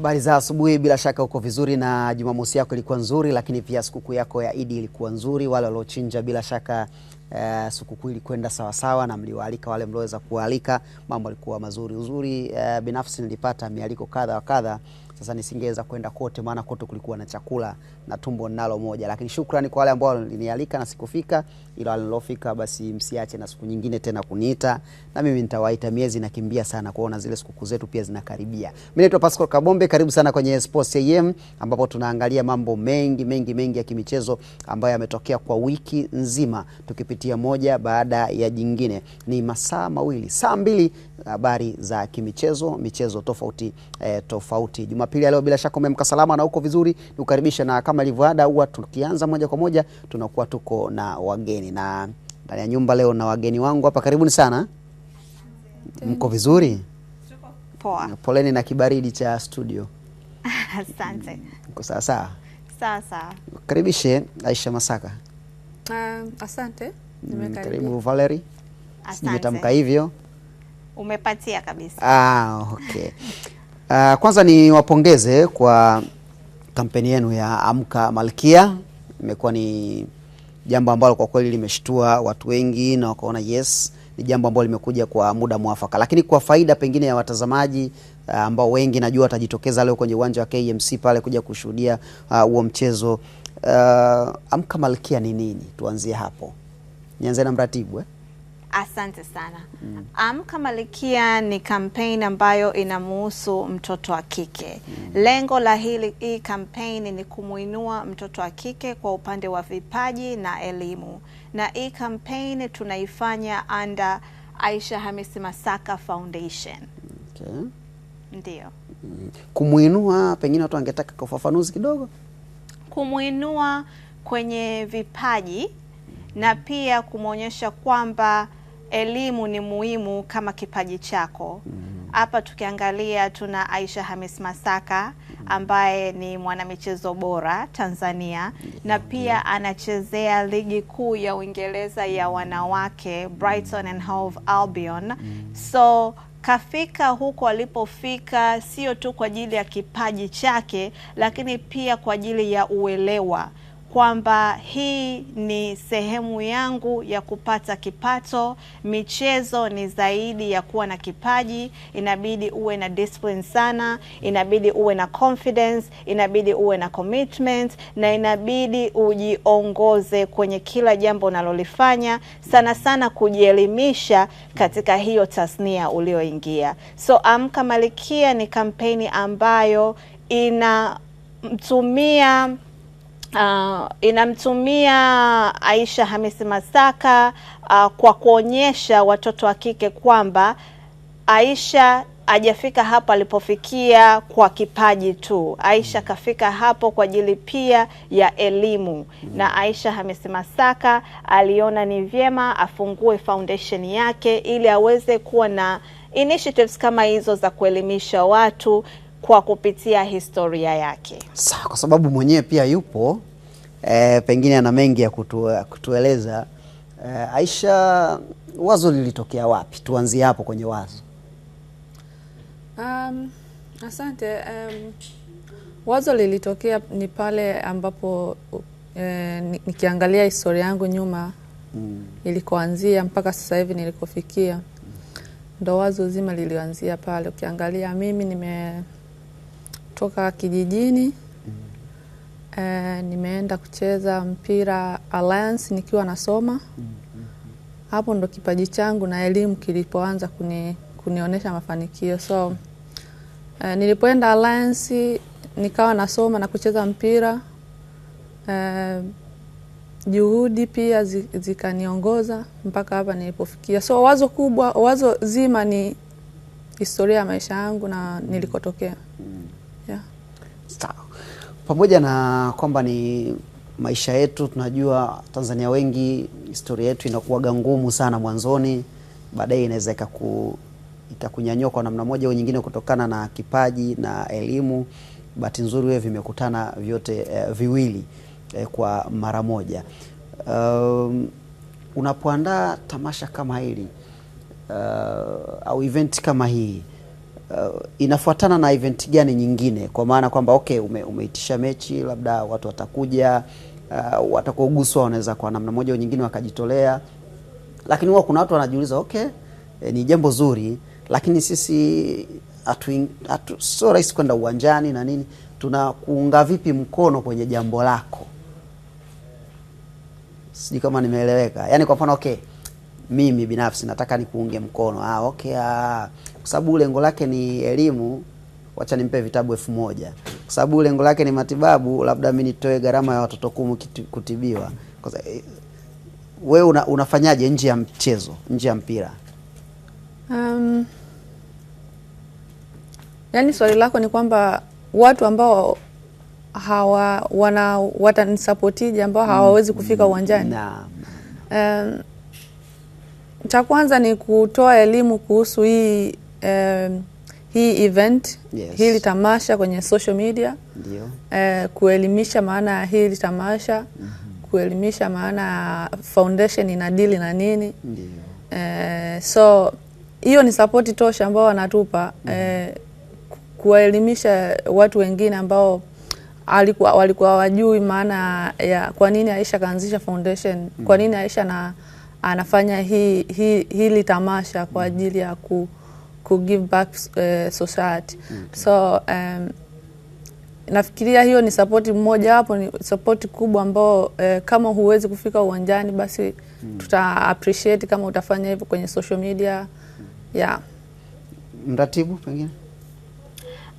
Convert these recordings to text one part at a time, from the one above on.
Habari za asubuhi, bila shaka uko vizuri na Jumamosi yako ilikuwa nzuri, lakini pia sikukuu yako ya Idi ilikuwa nzuri. Wale waliochinja bila shaka Uh, sikukuu ilikwenda sawasawa na mliwaalika wale mlioweza kualika, mambo yalikuwa mazuri uzuri. Uh, binafsi nilipata mialiko kadha wa kadha. Sasa nisingeweza kwenda kote, maana kote kulikuwa na chakula na tumbo nalo moja, lakini shukrani kwa wale ambao walinialika na sikufika, ila wale nilofika, basi msiache na siku nyingine tena kuniita na mimi nitawaita miezi, nakimbia sana kuona zile sikukuu zetu pia zinakaribia. Mimi naitwa Pascal Kabombe, karibu sana kwenye Sports AM ambapo tunaangalia mambo mengi mengi mengi ya kimichezo ambayo yametokea kwa wiki nzima, tukipitia moja baada ya jingine. Ni masaa mawili, saa mbili habari za kimichezo, michezo tofauti eh, tofauti. Jumapili ya leo bila shaka umemka salama na uko vizuri, nikukaribisha na kama ada, huwa tukianza moja kwa moja tunakuwa tuko na wageni na ndani ya nyumba leo na wageni wangu hapa, karibuni sana. Mko vizuri? Poa. Poleni na kibaridi cha studio. Asante. Mko sawa sawa? Sawa sawa. Karibishe Aisha Masaka. Uh, asante. Nimekaribu Karibu Asante. Nimetamka hivyo. Umepatia kabisa. Ah, okay. Uh, kwanza ni wapongeze kwa kampeni yenu ya Amka Malkia. Imekuwa ni jambo ambalo kwa kweli limeshtua watu wengi na wakaona yes ni jambo ambalo limekuja kwa muda mwafaka, lakini kwa faida pengine ya watazamaji uh, ambao wengi najua watajitokeza leo kwenye uwanja wa KMC pale kuja kushuhudia uh, huo uh, mchezo uh, Amka Malkia ni nini? Tuanzie hapo, nianze na mratibu eh? Asante sana mm. Amka Malkia ni kampeni ambayo inamuhusu mtoto wa kike mm. Lengo la hili hii kampeni ni kumuinua mtoto wa kike kwa upande wa vipaji na elimu, na hii kampeni tunaifanya under Aisha Hamisi Masaka Foundation. Okay. Ndio mm. Kumuinua, pengine watu wangetaka kufafanuzi kidogo, kumuinua kwenye vipaji na pia kumwonyesha kwamba elimu ni muhimu kama kipaji chako mm-hmm. hapa. mm Tukiangalia tuna Aisha Hamis Masaka mm-hmm. ambaye ni mwanamichezo bora Tanzania mm-hmm. na pia anachezea ligi kuu ya Uingereza ya wanawake Brighton and Hove Albion. mm So kafika huko alipofika sio tu kwa ajili ya kipaji chake, lakini pia kwa ajili ya uelewa kwamba hii ni sehemu yangu ya kupata kipato. Michezo ni zaidi ya kuwa na kipaji, inabidi uwe na discipline sana, inabidi uwe na confidence, inabidi uwe na commitment na inabidi ujiongoze kwenye kila jambo unalolifanya, sana sana kujielimisha katika hiyo tasnia ulioingia. So Amka Malkia ni kampeni ambayo inamtumia Uh, inamtumia Aisha Hamisi Masaka uh, kwa kuonyesha watoto wa kike kwamba Aisha hajafika hapo alipofikia kwa kipaji tu. Aisha mm. kafika hapo kwa ajili pia ya elimu, mm. na Aisha Hamisi Masaka aliona ni vyema afungue foundation yake ili aweze kuwa na initiatives kama hizo za kuelimisha watu kwa kupitia historia yake. Sawa, kwa sababu mwenyewe pia yupo e, pengine ana mengi ya kutu, kutueleza e, Aisha, wazo lilitokea wapi? Tuanzie hapo kwenye wazo. Um, asante. Um, wazo lilitokea ni pale ambapo e, nikiangalia historia yangu nyuma mm. ilikoanzia mpaka sasa hivi nilikofikia, ndo wazo zima lilianzia pale. Ukiangalia mimi nime kutoka kijijini mm. E, nimeenda kucheza mpira Alliance nikiwa nasoma mm. Hapo ndo kipaji changu na elimu kilipoanza kuni, kunionyesha mafanikio so e, nilipoenda Alliance nikawa nasoma na kucheza mpira e, juhudi pia zikaniongoza mpaka hapa nilipofikia. So wazo kubwa, wazo zima ni historia ya maisha yangu na nilikotokea. Sawa. Pamoja na kwamba ni maisha yetu, tunajua Tanzania wengi historia yetu inakuwaga ngumu sana mwanzoni, baadaye inaweza ikaku ikakunyanyua kwa namna moja au nyingine kutokana na kipaji na elimu. Bahati nzuri wewe vimekutana vyote eh, viwili eh, kwa mara moja. Um, unapoandaa tamasha kama hili uh, au event kama hii uh, inafuatana na event gani nyingine, kwa maana kwamba okay, ume, umeitisha mechi labda watu watakuja uh, watakuoguswa wanaweza kwa namna moja au nyingine wakajitolea, lakini huwa kuna watu wanajiuliza okay, eh, ni jambo zuri, lakini sisi atu, atu, sio rahisi kwenda uwanjani na nini, tunakuunga vipi mkono kwenye jambo lako? Sijui kama nimeeleweka. Yani kwa mfano okay, mimi binafsi nataka nikuunge mkono ah, okay ah, kwa sababu lengo lake ni elimu, wacha nimpe vitabu elfu moja kwa sababu lengo lake ni matibabu, labda mimi nitoe gharama ya watoto kumi kutibiwa. Wewe una, unafanyaje nje ya mchezo, nje ya mpira? Um, yani swali lako ni kwamba watu ambao hawa wana watanisapotije ambao hawawezi kufika mm, uwanjani? Um, cha kwanza ni kutoa elimu kuhusu hii um, hii event yes. hili tamasha kwenye social media eh, kuelimisha maana ya hili tamasha mm -hmm. kuelimisha maana ya foundation ina dili na nini eh, so hiyo ni sapoti tosha ambao wanatupa mm -hmm. eh, kuwaelimisha watu wengine ambao alikuwa, walikuwa wajui maana ya kwa nini Aisha kaanzisha foundation mm -hmm. kwa mm-hmm. nini Aisha na, anafanya hii, hi, hili tamasha kwa mm-hmm. ajili ya ku could give back uh, society mm. So um, nafikiria hiyo ni sapoti mmoja wapo, ni sapoti kubwa ambao eh, kama huwezi kufika uwanjani basi mm. tuta appreciate kama utafanya hivyo kwenye social media mm. yeah. Mratibu pengine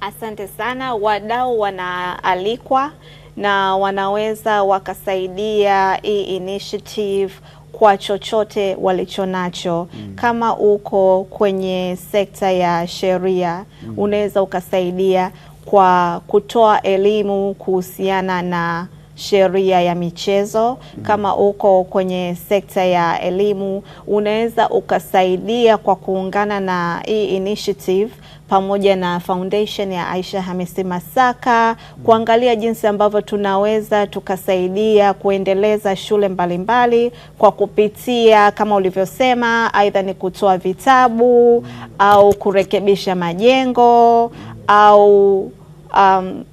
Asante sana. Wadau wanaalikwa na wanaweza wakasaidia hii initiative kwa chochote walichonacho mm. Kama uko kwenye sekta ya sheria mm. Unaweza ukasaidia kwa kutoa elimu kuhusiana na sheria ya michezo Kama uko kwenye sekta ya elimu, unaweza ukasaidia kwa kuungana na hii initiative pamoja na foundation ya Aisha Hamisi Masaka kuangalia jinsi ambavyo tunaweza tukasaidia kuendeleza shule mbalimbali mbali, kwa kupitia kama ulivyosema, aidha ni kutoa vitabu au kurekebisha majengo au um,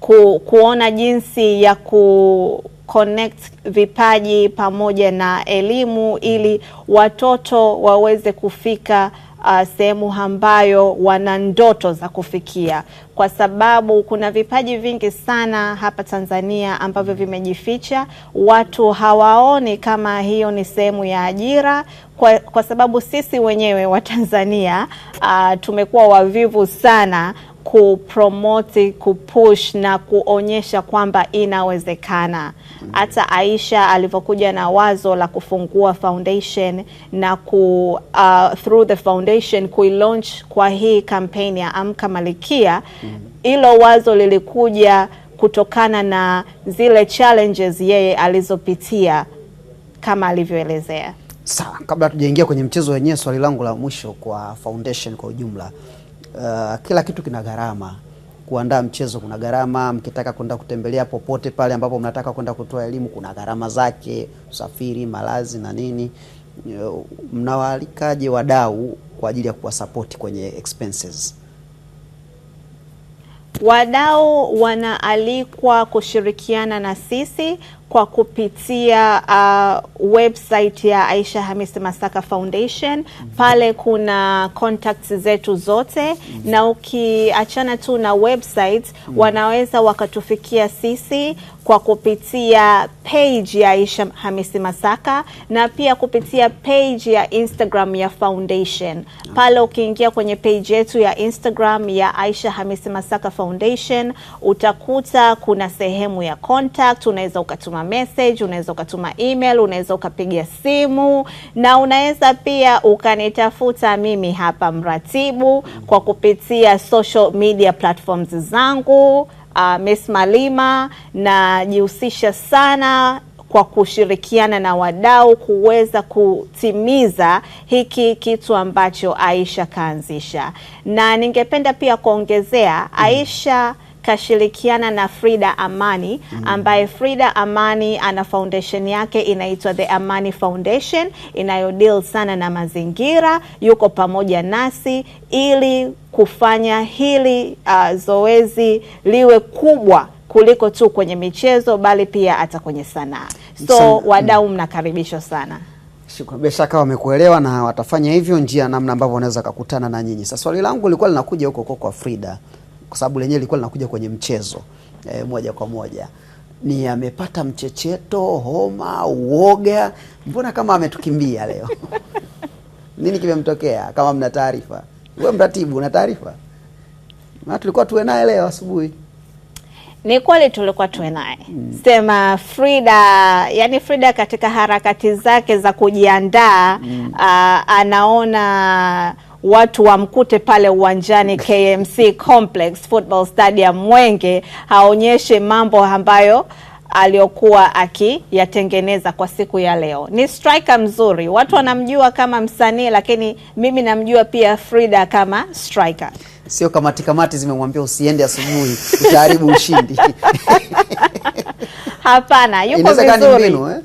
ku, kuona jinsi ya ku connect vipaji pamoja na elimu ili watoto waweze kufika uh, sehemu ambayo wana ndoto za kufikia kwa sababu kuna vipaji vingi sana hapa Tanzania ambavyo mm. vimejificha, watu hawaoni kama hiyo ni sehemu ya ajira. Kwa, kwa sababu sisi wenyewe wa Tanzania uh, tumekuwa wavivu sana kupromoti kupush na kuonyesha kwamba inawezekana. Mm. Hata Aisha alivyokuja na wazo la kufungua foundation na ku, uh, through the foundation kuilaunch kwa hii kampeni ya Amka Malkia mm hilo wazo lilikuja kutokana na zile challenges yeye alizopitia kama alivyoelezea. Sawa, kabla tujaingia kwenye mchezo wenyewe, swali langu la mwisho kwa foundation kwa ujumla, uh, kila kitu kina gharama. Kuandaa mchezo kuna gharama, mkitaka kwenda kutembelea popote pale ambapo mnataka kwenda kutoa elimu kuna gharama zake, usafiri, malazi na nini. Uh, mnawaalikaje wadau kwa ajili ya kuwasapoti kwenye expenses? Wadau wanaalikwa kushirikiana na sisi kwa kupitia uh, website ya Aisha Hamisi Masaka Foundation. Pale kuna contacts zetu zote, na ukiachana tu na website, wanaweza wakatufikia sisi kwa kupitia page ya Aisha Hamisi Masaka na pia kupitia page ya Instagram ya Foundation. Pale ukiingia kwenye page yetu ya Instagram ya Aisha Hamisi Masaka Foundation utakuta kuna sehemu ya contact, unaweza ukatuma message, unaweza ukatuma email, unaweza ukapiga simu na unaweza pia ukanitafuta mimi hapa mratibu kwa kupitia social media platforms zangu uh, Miss Malima najihusisha sana kwa kushirikiana na wadau kuweza kutimiza hiki kitu ambacho Aisha kaanzisha, na ningependa pia kuongezea mm. Aisha mm kashirikiana na Frida Amani mm. ambaye Frida Amani ana foundation yake inaitwa The Amani Foundation inayodeal sana na mazingira. Yuko pamoja nasi ili kufanya hili uh, zoezi liwe kubwa kuliko tu kwenye michezo bali pia hata kwenye sanaa. So mm. wadau mnakaribishwa sana. Bila shaka wamekuelewa na watafanya hivyo njia namna ambavyo wanaweza kukutana na nyinyi. Sasa swali langu lilikuwa linakuja huko kwa Frida kwa sababu lenyewe lilikuwa linakuja kwenye mchezo e, moja kwa moja ni amepata mchecheto, homa, uoga, mbona kama ametukimbia leo? Nini kimemtokea? Kama mna taarifa, wewe mratibu, una taarifa? Na tulikuwa tuwe naye leo asubuhi. Ni kweli tulikuwa tuwe naye hmm. Sema Frida, yani Frida katika harakati zake za kujiandaa hmm. uh, anaona watu wamkute pale uwanjani KMC Complex Football Stadium Mwenge, haonyeshe mambo ambayo aliyokuwa akiyatengeneza kwa siku ya leo. Ni striker mzuri, watu wanamjua kama msanii, lakini mimi namjua pia Frida kama striker. Sio kamati kamati zimemwambia usiende asubuhi utaharibu ushindi. Hapana, yuko vizuri. Eh?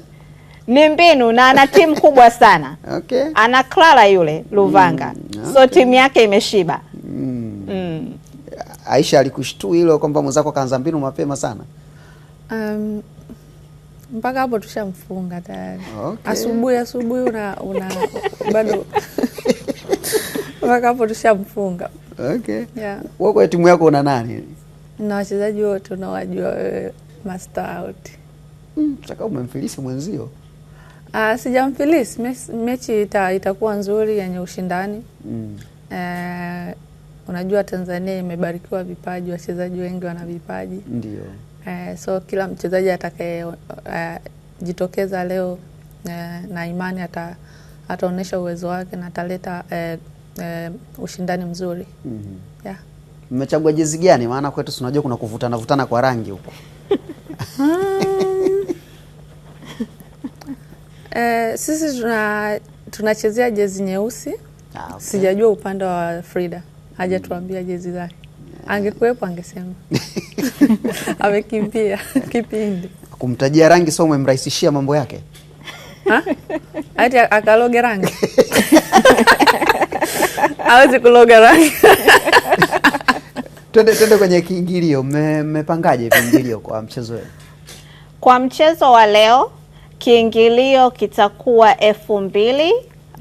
ni mbinu na ana timu kubwa sana okay. Ana Clara yule Luvanga mm, okay. So timu yake imeshiba mm. Mm. Aisha alikushtua hilo kwamba mwenzako kaanza mbinu mapema sana um, mpaka hapo tushamfunga tayari okay. Asubuhi asubuhi una, una bado mpaka hapo tushamfunga okay. Yeah. Wewe kwa timu yako una nani? Na wachezaji wote unawajua wewe, master out. Mtaka mm, umemfilisi mwenzio. Uh, ah, sijamfilis mechi ita, itakuwa nzuri yenye ushindani mm. Uh, unajua Tanzania imebarikiwa vipaji, wachezaji wengi wana vipaji ndio. Uh, so kila mchezaji atakayejitokeza eh, uh, leo uh, na imani ata, ataonyesha uwezo wake na ataleta uh, uh, ushindani mzuri mm -hmm. yeah. Mmechagua jezi gani? Maana kwetu tunajua kuna kuvutana vutana kwa rangi huko ah. Eh, sisi tuna tunachezea jezi nyeusi. Ah, okay. Sijajua upande wa Frida hajatuambia mm. jezi zake, angekuwepo angesema amekimbia kipindi. Kumtajia rangi sio umemrahisishia mambo yake hati akaloge rangi hawezi kuloga rangi Twende twende kwenye kiingilio. Mmepangaje viingilio kwa mchezo wenu? Kwa mchezo wa leo kiingilio kitakuwa elfu mbili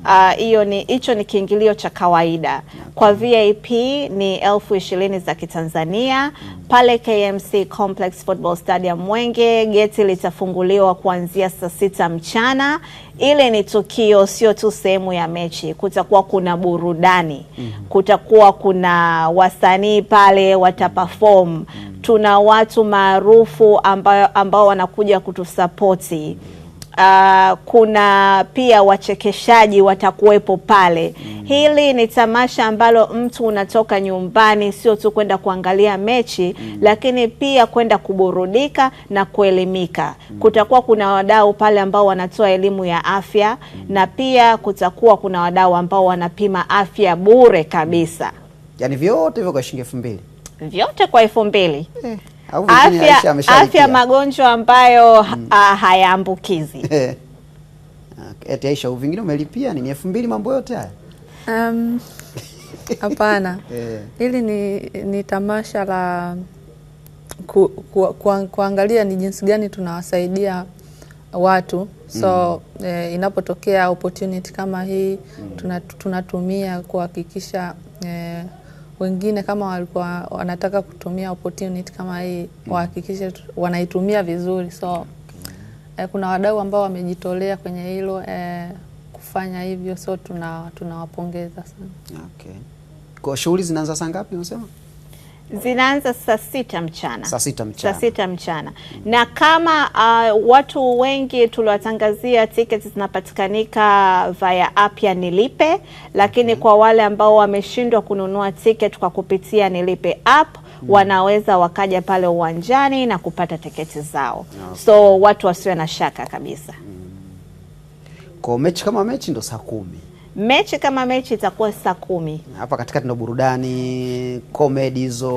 ah, hiyo uh, ni hicho ni kiingilio cha kawaida. Kwa VIP ni elfu ishirini za Kitanzania pale KMC Complex Football Stadium Mwenge. Geti litafunguliwa kuanzia saa sita mchana. Ile ni tukio, sio tu sehemu ya mechi. Kutakuwa kuna burudani, mm-hmm. kutakuwa kuna wasanii pale wataperform. Mm-hmm. Tuna watu maarufu ambao, ambao wanakuja kutusapoti Uh, kuna pia wachekeshaji watakuwepo pale mm. Hili ni tamasha ambalo mtu unatoka nyumbani sio tu kwenda kuangalia mechi mm. Lakini pia kwenda kuburudika na kuelimika mm. Kutakuwa kuna wadau pale ambao wanatoa elimu ya afya mm. Na pia kutakuwa kuna wadau ambao wanapima afya bure kabisa, yaani vyote hivyo kwa shilingi elfu mbili vyote kwa elfu mbili eh afya, afya magonjwa ambayo mm. hayaambukizi eh, eti Aisha, vingine umelipia nini elfu mbili mambo yote haya? Um, hapana eh. hili ni, ni tamasha la ku, ku, ku, kuangalia ni jinsi gani tunawasaidia watu so mm. eh, inapotokea opportunity kama hii mm. tunatumia kuhakikisha eh, wengine kama walikuwa wanataka kutumia opportunity kama hii wahakikishe wanaitumia vizuri. So eh, kuna wadau ambao wamejitolea kwenye hilo eh, kufanya hivyo, so tunawapongeza tuna sana. Okay. Kwa shughuli zinaanza saa ngapi unasema? zinaanza saa sita mchana, saa sita mchana, saa sita mchana. Mm. Na kama uh, watu wengi tuliwatangazia tiketi zinapatikanika via app ya Nilipe, lakini mm. kwa wale ambao wameshindwa kununua tiketi kwa kupitia Nilipe app mm. wanaweza wakaja pale uwanjani na kupata tiketi zao. Okay. So watu wasiwe na shaka kabisa. Mm. Kwa mechi kama mechi ndo saa kumi mechi kama mechi itakuwa saa kumi hapa katikati, ndo burudani comedy hizo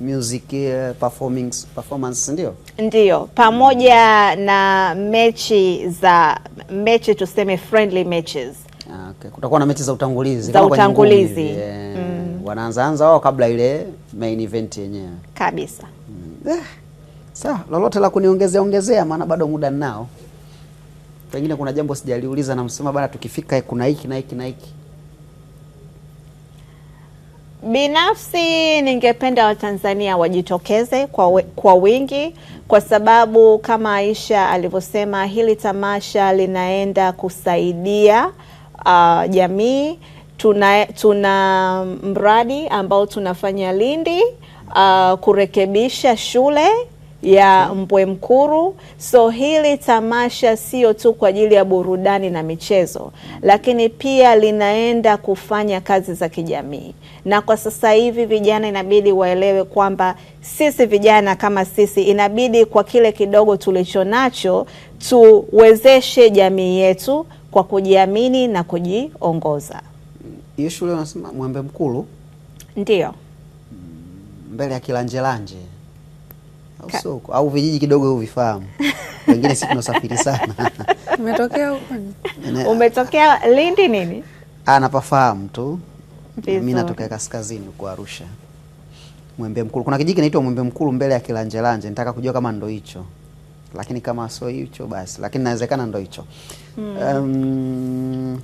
music eh, performance performance, ndio ndio, pamoja na mechi za mechi tuseme friendly matches. Ah, okay. Kutakuwa na mechi za utangulizi za utangulizi yeah. mm. wanaanzaanza wao kabla ile main event yenyewe kabisa. mm. Eh, sawa, lolote la kuniongezea ongezea, maana bado muda ninao pengine kuna jambo sijaliuliza, namsema bana, tukifika kuna hiki na hiki na hiki. Binafsi ningependa Watanzania wajitokeze kwa, we, kwa wingi kwa sababu kama Aisha alivyosema hili tamasha linaenda kusaidia uh, jamii. Tuna, tuna mradi ambao tunafanya Lindi uh, kurekebisha shule ya Mbwe Mkuru. So hili tamasha sio tu kwa ajili ya burudani na michezo, lakini pia linaenda kufanya kazi za kijamii, na kwa sasa hivi vijana inabidi waelewe kwamba sisi vijana kama sisi inabidi kwa kile kidogo tulicho nacho tuwezeshe jamii yetu kwa kujiamini na kujiongoza. Hiyo shule Mwembe Mkuru, ndio mbele ya kilanjelanje Ka... soko au vijiji kidogo huvifahamu wengine si tunasafiri sana umetokea huko umetokea Lindi nini? Ah, napafahamu tu mimi natokea kaskazini kwa Arusha Mwembe Mkulu kuna kijiji kinaitwa Mwembe Mkulu mbele ya Kilanjelanje nitaka kujua kama ndo hicho lakini kama sio hicho basi lakini inawezekana ndo hicho Hmm. um,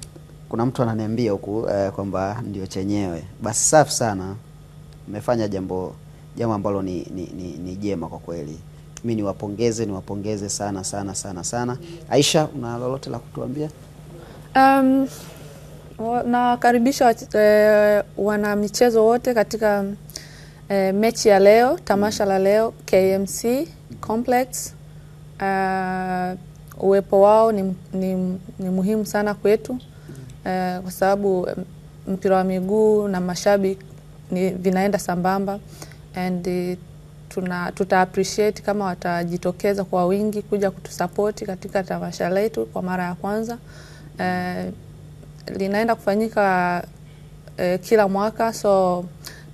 kuna mtu ananiambia huku uh, kwamba ndio chenyewe basi safi sana mmefanya jambo jambo ambalo ni, ni, ni, ni jema kwa kweli. Mimi niwapongeze niwapongeze sana sana sana sana. Aisha, una lolote la kutuambia? Um, nawakaribisha e, eh, wana michezo wote katika e, mechi ya leo, tamasha la leo KMC Complex. Uh, uwepo wao ni, ni, ni muhimu sana kwetu uh, kwa sababu mpira wa miguu na mashabiki vinaenda sambamba and eh, tuna, tuta appreciate kama watajitokeza kwa wingi kuja kutusapoti katika tamasha letu kwa mara ya kwanza. e, linaenda kufanyika e, kila mwaka so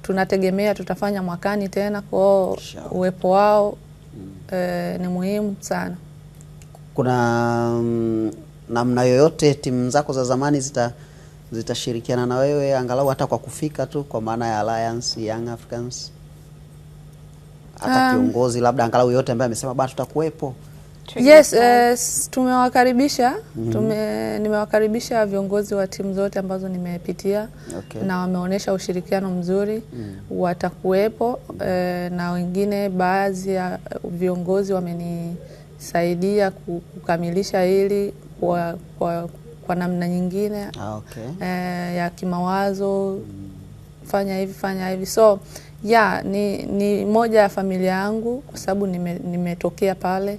tunategemea tutafanya mwakani tena, kwao uwepo wao e, ni muhimu sana. Kuna um, namna yoyote timu zako za zamani zita zitashirikiana na wewe angalau hata kwa kufika tu, kwa maana ya Alliance Young Africans? hata um, kiongozi labda angalau yote ambaye amesema bana tutakuwepo? Yes, uh, tumewakaribisha mm -hmm. Tume, nimewakaribisha viongozi wa timu zote ambazo nimepitia okay. Na wameonyesha ushirikiano mzuri mm -hmm. Watakuwepo uh, na wengine baadhi ya viongozi wamenisaidia kukamilisha hili kwa, kwa, kwa namna nyingine ah, okay. Uh, ya kimawazo mm -hmm. Fanya hivi fanya hivi so ya ni, ni moja ya familia yangu kwa sababu nimetokea nime pale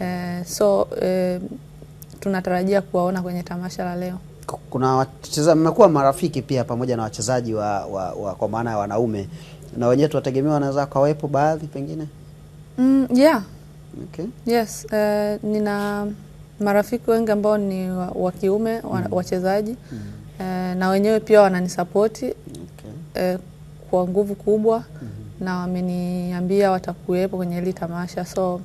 eh, so eh, tunatarajia kuwaona kwenye tamasha la leo. Kuna wachezaji mmekuwa marafiki pia pamoja na wachezaji wa, wa, wa kwa maana ya wanaume na wenyewe tuwategemea wanaweza kawepo baadhi pengine mm, yeah. Okay. Yes, uh, nina marafiki wengi ambao ni wa kiume mm. wachezaji mm. uh, na wenyewe pia wananisapoti okay. uh, kwa nguvu kubwa mm -hmm. na wameniambia watakuwepo kwenye hili tamasha so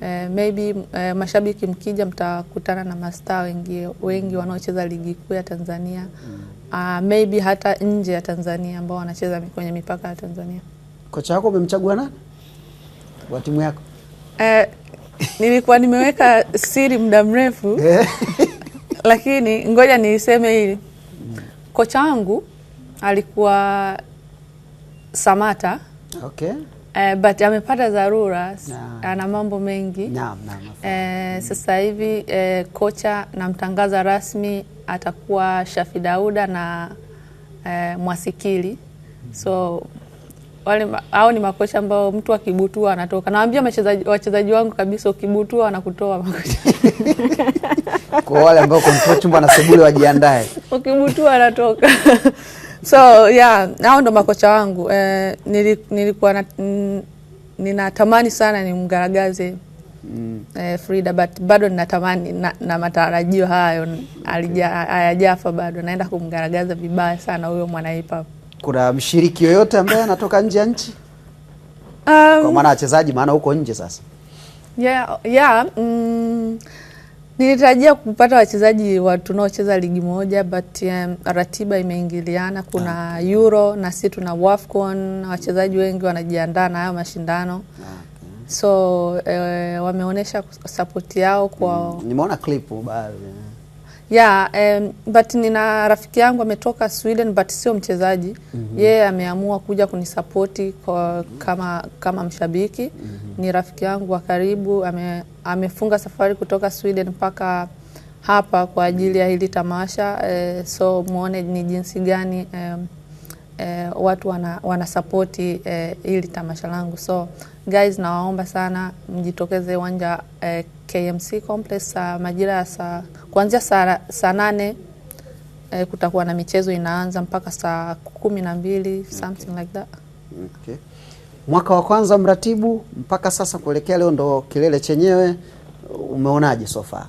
eh, maybe eh, mashabiki mkija mtakutana na mastaa wengi, wengi wanaocheza ligi kuu ya Tanzania mm -hmm. uh, maybe hata nje ya Tanzania ambao wanacheza kwenye mipaka ya Tanzania. Kocha wako umemchagua nani wa timu yako? Eh, nilikuwa nimeweka siri muda mrefu eh. lakini ngoja niiseme hili. Kocha wangu alikuwa Samata okay. Uh, but amepata dharura nah. Ana mambo mengi nah, nah, uh, sasa hivi uh, kocha namtangaza rasmi atakuwa Shafi Dauda na uh, Mwasikili mm So wale hao ni makocha ambao mtu akibutua anatoka. Nawaambia wachezaji wangu kabisa, ukibutua anakutoa makocha kwa wale ambao kwa chumba na sebule wajiandae, ukibutua anatoka So yeah, hao ndo makocha wangu eh, nilikuwa na, ninatamani sana mgaragaze mm. eh, Frida but bado ninatamani na, na matarajio hayo okay. hayajafa bado, naenda kumgaragaza vibaya sana huyo mwana hip hop. Kuna mshiriki yoyote ambaye anatoka nje ya nchi um, kwa maana wachezaji, maana huko nje sasa yeah, yeah, mm, Nilitarajia kupata wachezaji tunaocheza ligi moja but um, ratiba imeingiliana. Kuna ah, okay. Euro na sisi tuna Wafcon, wachezaji wengi wanajiandaa na hayo mashindano ah, okay. So eh, wameonyesha sapoti yao kwa mm. Nimeona clip baadhi Yeah, um, but nina rafiki yangu ametoka Sweden but sio mchezaji mm -hmm. Yeye ameamua kuja kunisapoti kwa kama, kama mshabiki mm -hmm. Ni rafiki yangu wa karibu ame, amefunga safari kutoka Sweden mpaka hapa kwa ajili ya hili tamasha eh, so muone ni jinsi gani eh, eh, watu wanasapoti wana eh, hili tamasha langu so guys, nawaomba sana mjitokeze uwanja eh, KMC Complex saa majira ya saa kuanzia saa, saa nane eh, kutakuwa na michezo inaanza mpaka saa kumi na mbili something like that. Okay. Mwaka wa kwanza mratibu mpaka sasa kuelekea leo ndo kilele chenyewe, umeonaje so far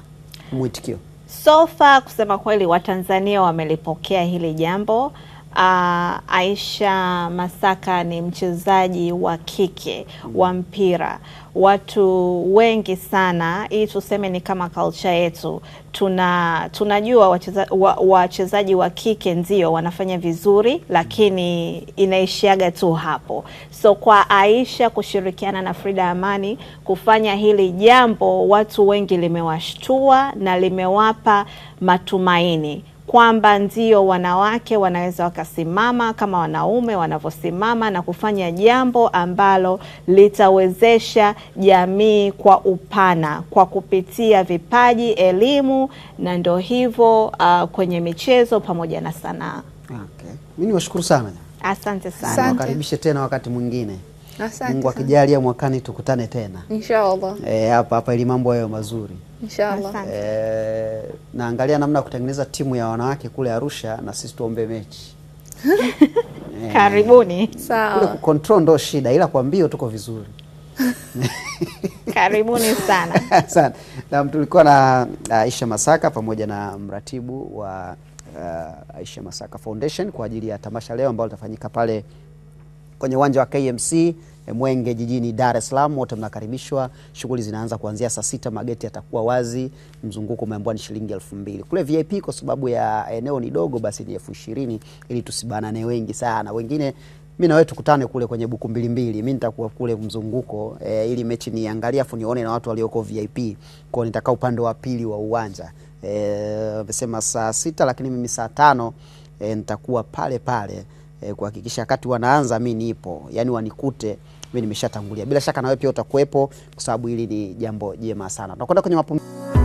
mwitikio? So far kusema kweli, Watanzania wamelipokea hili jambo Uh, Aisha Masaka ni mchezaji wa kike wa mpira. Watu wengi sana, hii tuseme ni kama culture yetu, tuna tunajua wachezaji wa, wa kike ndio wanafanya vizuri, lakini inaishiaga tu hapo. So kwa Aisha kushirikiana na Frida Amani kufanya hili jambo, watu wengi limewashtua na limewapa matumaini kwamba ndio wanawake wanaweza wakasimama kama wanaume wanavyosimama na kufanya jambo ambalo litawezesha jamii kwa upana kwa kupitia vipaji, elimu na ndo hivyo uh, kwenye michezo pamoja na sanaa. Okay. Mimi niwashukuru sana. Asante sana. Nakaribishe tena wakati mwingine. Asante, Mungu akijalia mwakani tukutane tena inshallah. Eh, hapa hapa ili mambo hayo mazuri inshallah. Eh, naangalia namna ya kutengeneza timu ya wanawake kule Arusha na sisi tuombe mechi eh, karibuni. Sawa, kule control ndo shida, ila kwa mbio tuko vizuri karibuni sana asante. Na tulikuwa na Aisha Masaka pamoja na mratibu wa uh, Aisha Masaka Foundation kwa ajili ya tamasha leo ambalo litafanyika pale kwenye uwanja wa KMC. Mwenge jijini Dar es Salaam. Wote mnakaribishwa, shughuli zinaanza kuanzia saa sita, mageti yatakuwa wazi. Mzunguko umeambiwa ni shilingi elfu mbili. Kule VIP kwa sababu ya eneo ni dogo, basi ni elfu ishirini ili tusibanane wengi sana, wengine mi na wewe tukutane kule kwenye buku mbili mbili, mi nitakuwa kule mzunguko e, ili mechi niangalie afu nione na watu walioko VIP kwao, nitakaa upande wa pili wa uwanja eh, amesema e, saa sita, lakini mimi saa tano e, nitakuwa pale pale e, kuhakikisha wakati wanaanza mi nipo, yani wanikute mimi nimeshatangulia. Bila shaka na wewe pia utakuwepo, kwa sababu hili ni jambo jema sana. Tunakwenda kwenye mapumziko.